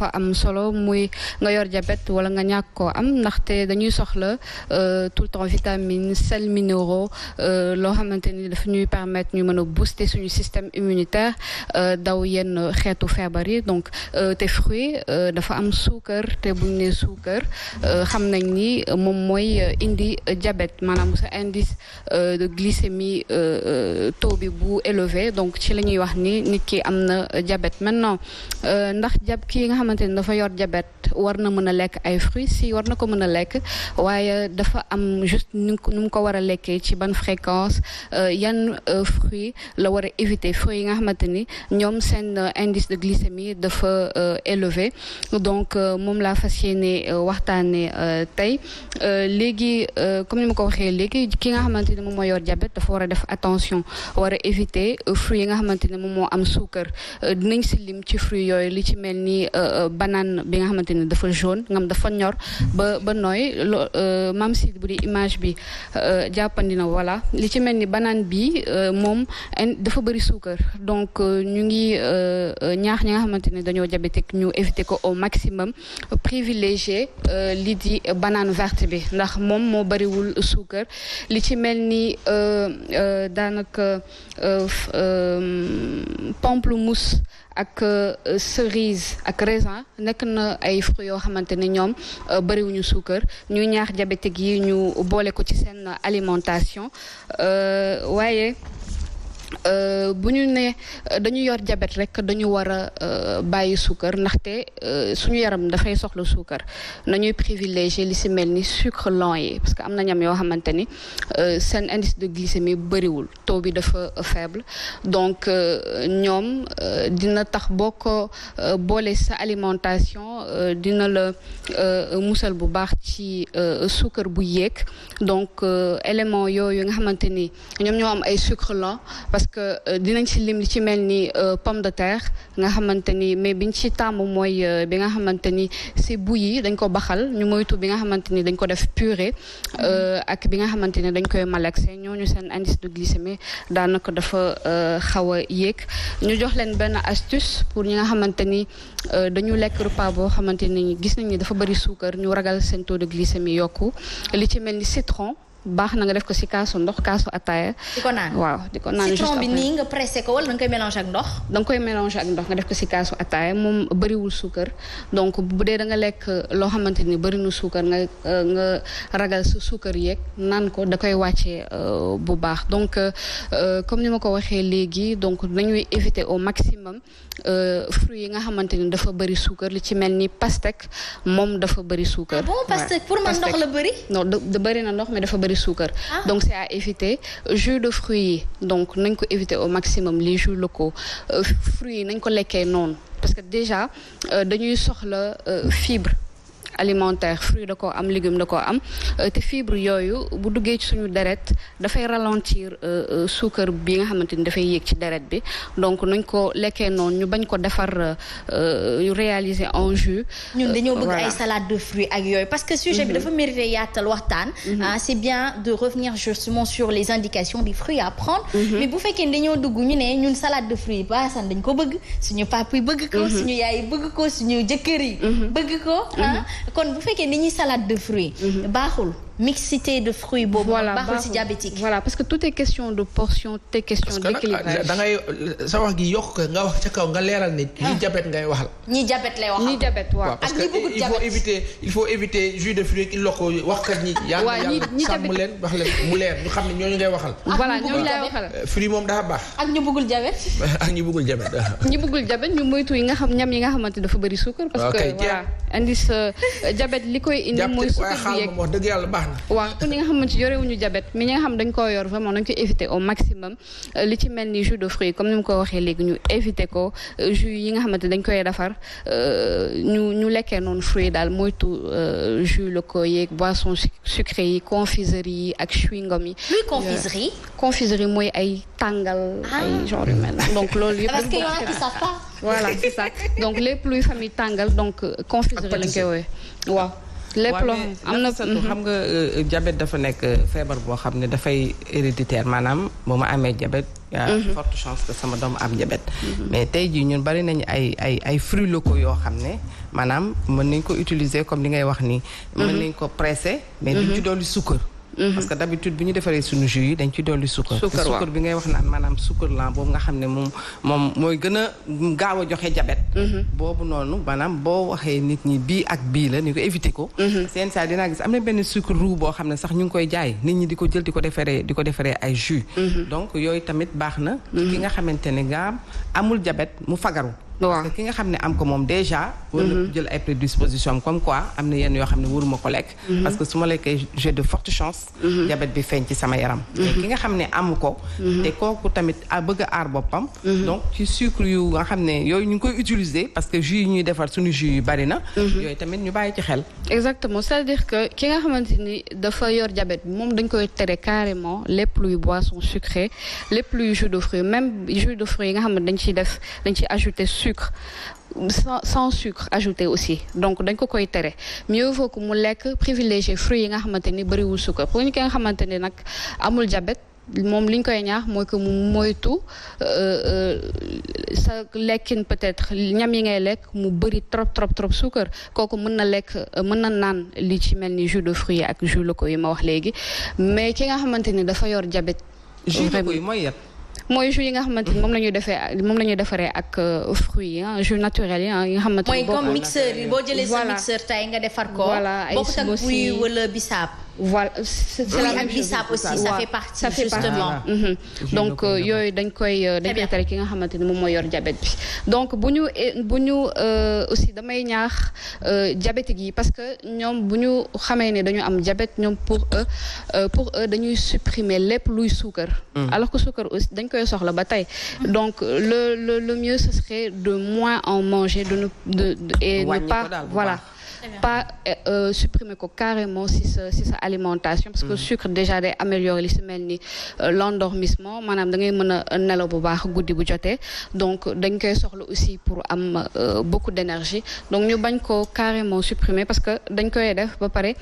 dafa am solo muy nga yor jabet wala nga ñàkk koo am ndaxte dañuy soxla euh, tout le temps vitamine sel minéraux euh, loo xamante ni dafa ñuy permettre ñu mën a booster suñu système immunitaire euh, daw yenn xeetu feebar yi donc te fruit dafa am suukar te buñ ne suukar xam nañ ni moom mooy indi diabète maanaam sa indice de glycémie taux bi bu élevé donc ci la ñuy wax ni nit ki am na jabet maintenant ndax jab ki nga xam xamante ni dafa yor diabète war na mën a lekk ay fruits si war na ko mën a lekk waaye dafa am juste nu mu ko war a lekkee ci ban fréquence euh, yan euh, fruits la war a éviter fruits yi nga xamante ni ñoom seen euh, indice de glycémie dafa donc moom laa fas yéene waxtaane tey léegi comme ni ma ko waxee léegi ki nga xamante ni moom moo yor diabète dafa war a def attention am suukar dinañ si lim ci fruits yooyu li ci mel ni banaan bi nga xamante ne dafa jaune ngam dafa ñor ba ba nooy lo euh, maam si bu di image bi euh, jàppandi na voilà li ci mel ni banaan bi euh, moom dafa bëri suukar donc ñu ngi ñaax ñi nga xamante ne dañoo diabétique ñu éviter ko au maximum privilégier li di banaan verte bi ndax moom moo bëriwul suukar li ci mel ni daanaka pamplemousse ak euh, cerise ak raisin nekk na ay fruits yoo xamante ne ñoom euh, bariwuñu suukar ñuy ñaax diabétique yi ñu boole ko ci seen alimentation euh, waaye Euh, bu ñu nee euh, dañu yor jabet rek dañu war a euh, bàyyi suukar ndaxte suñu yaram dafay soxla suukar nañuy privilégier li si mel ni sucre lent yi parce que am na ñam yoo xamante ni seen indice de glycémie bëriwul taux bi dafa faible donc ñoom dina tax boo ko boole sa alimentation dina la musal bu baax ci suukar bu yéeg donc élément yooyu nga xamante ñoom ñoo am ay sucre lent parce que euh, dinañ si lim li ci mel ni euh, pomme de terre nga xamante ni mais biñ ci tàmm mooy euh, bi nga xamante ni si bouilli dañ ko baxal ñu moytu bi nga xamante ni dañ ko def purée ak bi nga xamante ni dañ koy malaxé ñooñu seen indice de glycémie daanaka dafa xaw a yéeg ñu jox leen benn astuce pour ñi nga xamante ni dañu lekk repas boo xamante ni gis nañ ni dafa bëri suukar ñu ragal seen taux de glycémie yokku li ci mel ni citron baax na nga def ko ci kaasu ndox kaasu ataaya. di ko naan waaw di nii nga pressé ko wala da nga koy mélanger ak ndox. da koy mélanger ak ndox nga def ko ci kaasu ataaya moom bëriwul suukar donc bu dee da nga lekk loo xamante ni bëri na suukar nga euh, nga ragal su suukar yeeg naan ko da koy wàccee euh, bu baax donc euh, comme ni ma ko waxee léegi donc dañuy éviter au maximum fruits yi nga xamante ni dafa bëri suukar li ci mel ni pastèque moom dafa bëri suukar. ah pour man ndox la bëri. da bëri na ndox mais dafa bëri bari suukar. Ah. donc c'est à éviter jus de fruits yi donc nañ ko éviter au maximum les jus locaux euh, fruits yi nañ ko lekkee noonu parce que déjà euh, dañuy soxla euh, fibre. alimentaire fruit da koo am légume da koo am euh, te fibre yooyu bu duggee ci suñu deret dafay ralentir euh, euh, suukar bi nga xamante ni dafay yéeg ci deret bi donc nuñ ko lekkee noonu ñu bañ ko defar ñu réaliser en jus. ñun dañoo bëgg ay salade de fruits yooyu parce que sujet bi mhm. dafa mérité yaatal waxtaan. Mhm. Ah, c'est bien de revenir justement sur les indications des fruits à prendre. Mhm. mais bu fekkee ne dañoo dugg ñu ne ñun salade de fruits ba dañ ko bëgg suñu papa yi bëgg ko. suñu yaay bëgg ko suñu jëkkër yi. bëgg ko ah, kon bu fekkee ni ñuy salade de fruits. Mm-hmm. baaxul. mixité de fruits boobu. voilà baaxul si diabétique. voilà parce que tout est question de portion tout est question d'équilibrage. Ah, da ngay sa wax gi yokk nga wax ca kaw nga leeral ne. ñi ah. diabète ngay waxal. ñi diabète lay waxal. ñi diabète waaw ak ñi bëgg diabète parce que il faut éviter il faut éviter jus de fruits il loko waxkat ñi. waaw ñi ñi sàmm leen wax leen mu leer ñu xam ne ñooñu ngay waxal. voilà ñooñu lay waxal. Eh, fruit moom dafa baax. ak ñu bëggul diabète. ak ñu bëggul diabète. Ah. ñu bëggul diabète ñu moytu yi nga xam ñam yi nga xamante dafa bëri suukar. parce que voilà indi sa euh, diabète li koy indi mooy suukar bi yeeg wax dëgg yàlla baax waaw pour ñi nga xam xamante yorewuñu jabet mi ñi nga xam dañ ko yor vraiment dañ ko éviter au maximum euh, li ci mel ni jus de fruits comme ni mu ko waxee léegi ñu éviter ko euh, jus yi nga xamante dañ koy defar euh, ñu ñu lekkee noonu fruits daal moytu jus locaux yeeg boisson sucré yi confiserie yi ak chewing-gum yi. luy confiserie. confiserie mooy ay tàngal. Ah. ay genre yu donc loolu yëpp. parce que donc lépp luy famille tàngal donc confiserie lañ koy woowee waaw. lépp loo am na mhm. xam nga jabet euh, dafa nekk euh, feebar boo xam ne dafay héréditaire maanaam bu ma amee jabet yaa mhm. chance que sama doom am jabet mhm. mais tey jii ñun bari nañu ay ay ay fruits yoo xam ne maanaam mën nañ ko utiliser comme li ngay wax nii mën nañ ko presser mais duñ ci dolli sukkar Mhm. parce que d'habitude bu ñu defaree suñu jus yi dañ ci dolli sukkar sukkar bi ngay wax naan maanaam sukkar lan nga xam ne moom moom mooy gën a gaaw a joxe jabet mhm. boobu noonu maanaam boo waxee nit ñi bii ak bii la ñu ko éviter ko mhm. seen saa dinaa gis am ne benn sucre roux boo xam ne sax ñu ngi koy jaay nit ñi di ko jël di ko defaree di ko defaree ay jus donc yooyu tamit baax na ki nga xamante ne nga amul jabet mu fagaru parce ki nga xam ne am ko moom déjà war na mhm. jël ay prédisposition am comme quoi am na yenn yoo xam ne waruma ko lekk mhm. parce que su ma lekkee j'ai de fortes chances mhm. bi feeñ ci sama yaram mais nga xam ne amu ko te kooku tamit a bëgg a boppam donc ci sucre yu nga xam ne yooyu ñu ngi koy utiliser parce que jus yi ñuy defar suñu jus yu bari na yooyu tamit ñu bàyyi ci xel exactement c'est-à-dire ki nga xamante ni dafa yor diabète moom dañ koy tere carrément lépp lu boisson sucrée lépp luy lu de fruits de fruits yi nga xam ne dañ ciy def dañ ciy ajouter sucre sans sans sucre ajouté aussi donc dañ ko koy tere mieux vaut que mu lekk privilégié fruits yi nga xamante ni bëriwul sucre pour ñu ki nga xamante ni nag amul diabète moom li ñu koy ñaax mooy que mu moytu euh, euh, sa lekkin peut-être ñam yi ngay lekk mu bëri trop trop trop suukar kooku mën na lekk mën na naan li ci mel ni jus de yi ak jus locaux yi ma wax léegi mais ki nga xamante ni dafa yor diabète jus locaux mooy yàpp mooy jus yi nga xamante ni moom la ñuy defee moom la ñuy defaree ak euh, fruits yi ah jus naturel yi ah yi nga xamante ni. mooy comme mixeur yi boo jëlee sa mixeur tay nga defar ko. voilà ay wala bisaab. voilà c'est la même chose ça aussi ça fait partie mhm. donc yooyu dañ koy dañ koy tere ki nga xamante ne moom mooy yor diabète bi donc bu ñu bu ñu euh, aussi damay ñaax euh, diabétique yi parce que ñoom bu ñu xamee ne dañu am diabète ñoom pour eux euh, pour dañuy supprimer lépp luy suukar mm. alors que suukar aussi dañ koy soxla ba tey donc le le le mieux ce serait de moins en manger de ne pas voilà pas euh, euh, supprimer ko carrément si sa si sa alimentation parce que mm. sucre déjà day améliorer li si mel ni euh, l'endormissement maanaam da ngay mën a nelaw bu baax guddi bu jotee donc dañ koy soxla aussi pour am beaucoup d'énergie donc ñu bañ ko carrément supprimer parce que dañ koy def ba pare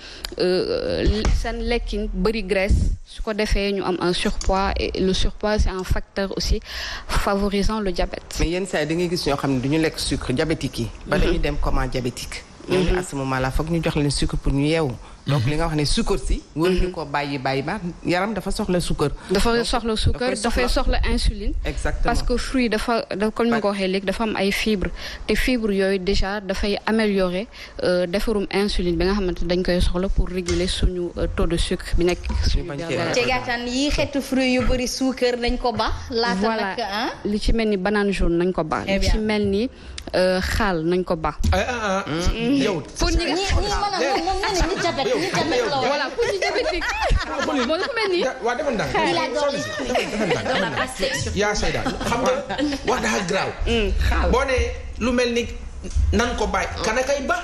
seen lekkin bëri graisse su ko defee ñu am un surpoids et le surpoids c'est un facteur aussi favorisant le diabète mais yenn saa yi da gis ñoo xam ne du ñu lekk sucre diabétique yi ba la ñu mm-hmm. dem comment diabétique ñooñu mhm. à ce moment la foog ñu jox leen sucre pour ñu yeewu donc mhm. li nga wax ne sucre si ñu mhm. ko bàyyi bàyyi ba yaram dafa soxla sucre dafa soxla sucre dafay soxla insuline exactement parce que fruit dafa da comme ma ko waxee léegi dafa ay fibre te fibre yooyu déjà dafay améliorer euh, defarum insuline bi nga xamante dañ koy soxla pour réguler suñu euh, taux de sucre bi nekk cegaataan yi xeetu fruit yu bëri sucre dañ ko ba laata nag ah li ci mel ni banane jaune nañ ko ba eh li ci mel ni euh, xaal nañ ko ba eh, ah, ah. Mm-hmm. yow. pour ñi nga mm. xam ne moom lu mel ni nan ko bàyyi. Oh. kana kay ba.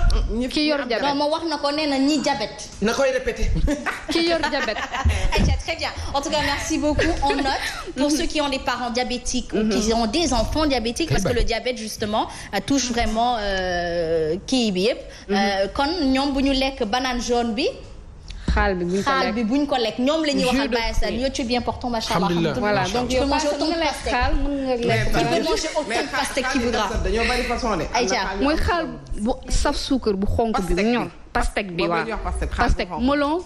ki yor jabet non ma wax na ko nee na ñi jabet. na koy répété. ki yor jabet. ayca très bien en tout cas merci beaucoup on note pour mhm. ceux qui ont des parents diabétiques. ou mhm. qui ont des enfants diabétiques. parce que le diabète justement euh, touche vraiment euh, kii bi yëpp. Mhm. Euh, kon ñoom bu ñu lekk banane jaune bi. xaal bi buñ ko lekk xaal bi buñ ko lekk ñoom la ñuy waxal bàyyi sa yo tu bien portant macha allah voilà donc yow mën nga lekk xaal mën nga lekk mooy xaal bu saf suukar bu xonk bi ñor pastèque bi waaw pastèque melon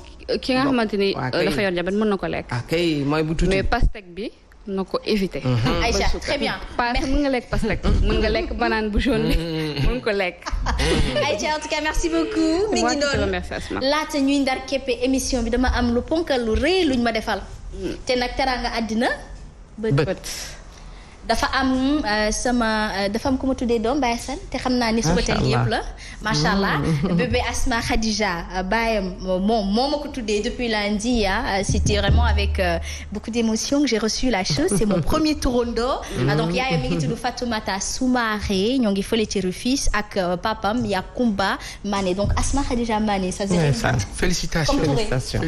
ki nga xamante ni euh, dafa yor jabat mën na ko lekk ah, mais pastèque bi na ko éviter. Mhm. Aïcha très bien. parce que mën nga lekk parce que mhm. mën nga lekk banaan bu jaune bi mhm. mën ko lekk. Aïcha en tout cas merci beaucoup. mi ngi doon laata ñuy ndar képpe émission bi dama am lu ponkal lu rëy luñ ma defal. Mm. te nag teraanga àddina bët bët. dafa am euh, sama euh, dafa am ku ma tuddee doom Baye Sane te xam naa ni suba teel gi yëpp la macha allah mm. bébé Asma Khadija euh, baayam moom moo ma ko tuddee depuis lundi ah c'était vraiment avec beaucoup d'émotion que j'ai reçu la chose c'est mon premier tourondo mm. ah, donc yaayam ñoo ngi fële ci Rufis ak papam Yakumba Mané donc Asma Khadija Mané ça félicitations félicitations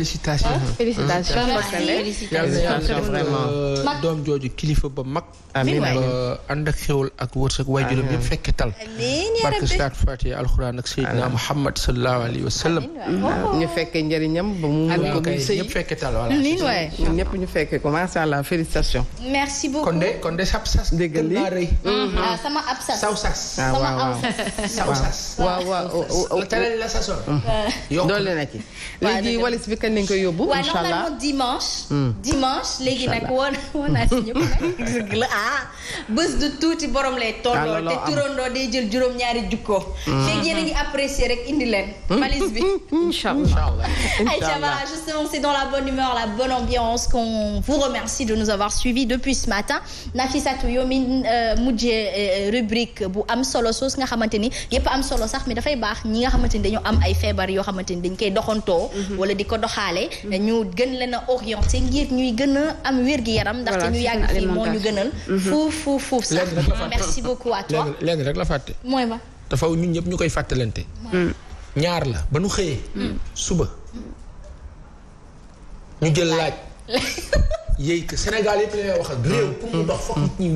félicitations félicitations vraiment doom jooju kilifa ba mag amiin waay ànd ak xéwal ak wërsëg waajuram yëpp fekke tal. amiin yaa rabbi barke saat Fatiha alxuraan ak Seydina Muhammad sallallahu alayhi wa sallam. ñu fekke njëriñam ba mu. amiin ko ñëpp fekke tal voilà. amiin waay ñun ñëpp ñu fekke ko macha allah félicitations. merci beaucoup kon de kon de sab sas. dëgg li mm-hmm. ah. ah sama ab sas. saw sas. ah waaw waaw saw sas. waaw waaw talal la sasoon. Mm. Ah. yokk doole na ci. léegi walis bi kañ lañ koy yóbbu. incha allah waaw normalement dimanche. Mm. dimanche léegi nag woon woon naa si ñëpp nag. dëgg la ah. bés du tuuti borom lay tolloo ah, te turandoo day jël juróom ñaari jukkoo mm. feeg yéen a ngi apprécier rek indi leen mm. valise bi inchallah Aïcha voilà justement c'est dans la bonne humeur la bonne ambiance qu'on vous remercie de nous avoir suivis depuis ce matin Nafisatou yow mi euh, mujjee euh, rubrique bu am solo soos nga xamante ni yépp am solo sax mi dafay baax ñi nga xamante ni dañoo am ay feebar yoo xamante ni dañ koy doxantoo mhm. wala di ko doxaale mhm. ñu gën leen a orienté ngir ñuy gën a am wér gi yaram ndaxte ñu yàgg moo ñu gënal mhm. fuuf fuuf fuuf sax. merci beaucoup à toi lenn rek la fàtte. mooy ma dafa ñun ñëpp ñu koy fàttalante. ñaar la ba nu xëyee. suba ñu jël laaj. yéy que Sénégal yëpp la wax ak réew. Mm. pour mu dox foog mm. mm.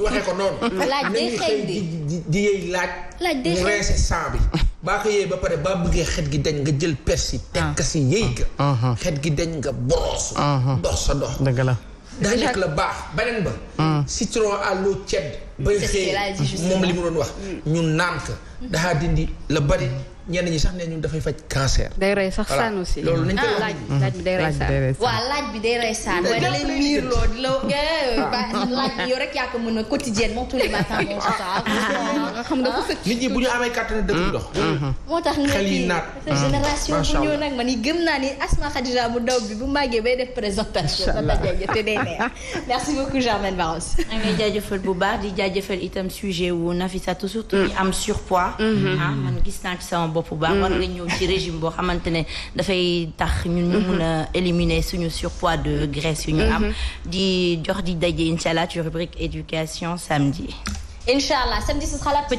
laaj day xëy di di di yéy laaj. laaj day xëy baa ko ba pare baa bëggee xet gi dañ nga jël persi. Ah. teg ka si yéy ka. Ah. Ah. xet gi dañ nga boros. dox sa dox. daa nekk la baax beneen ba citron à l'eau tiède bay xëy moom li mu doon wax mm. ñun naan ko mm. daxaa dindi la bari ñenn ñi sax ne ñun dafay faj cancer. day rey sax saan aussi. loolu nañu koy ah, laaj bi day rey saan waaw laaj bi day rey ah. a quotidien moom tous les matins ah. xam nga ku nit ñi bu ñu amee kàttan dëkk dox. Mm. Mm-hmm. moo tax xel yi naat génération bu ñëw gëm naa ni Asma Khadija mu daw bi bu màggee bay def présent. macha allah te day neex merci beaucoup différence. da jaajëfal bu baax di jaajëfal itam sujet wu Nafissatou surtout ñi mm. am surpoids. Mm-hmm. ah man gis naa ci sama bopp bu baax. Mm-hmm. war nga ñëw ci régime boo xamante ne dafay tax ñun ñu mun a mm-hmm. éliminer suñu surpoids de graisse yu am. di jox di daje incha allah ci rubrique éducation samedi. incha samedi ce sera la petite.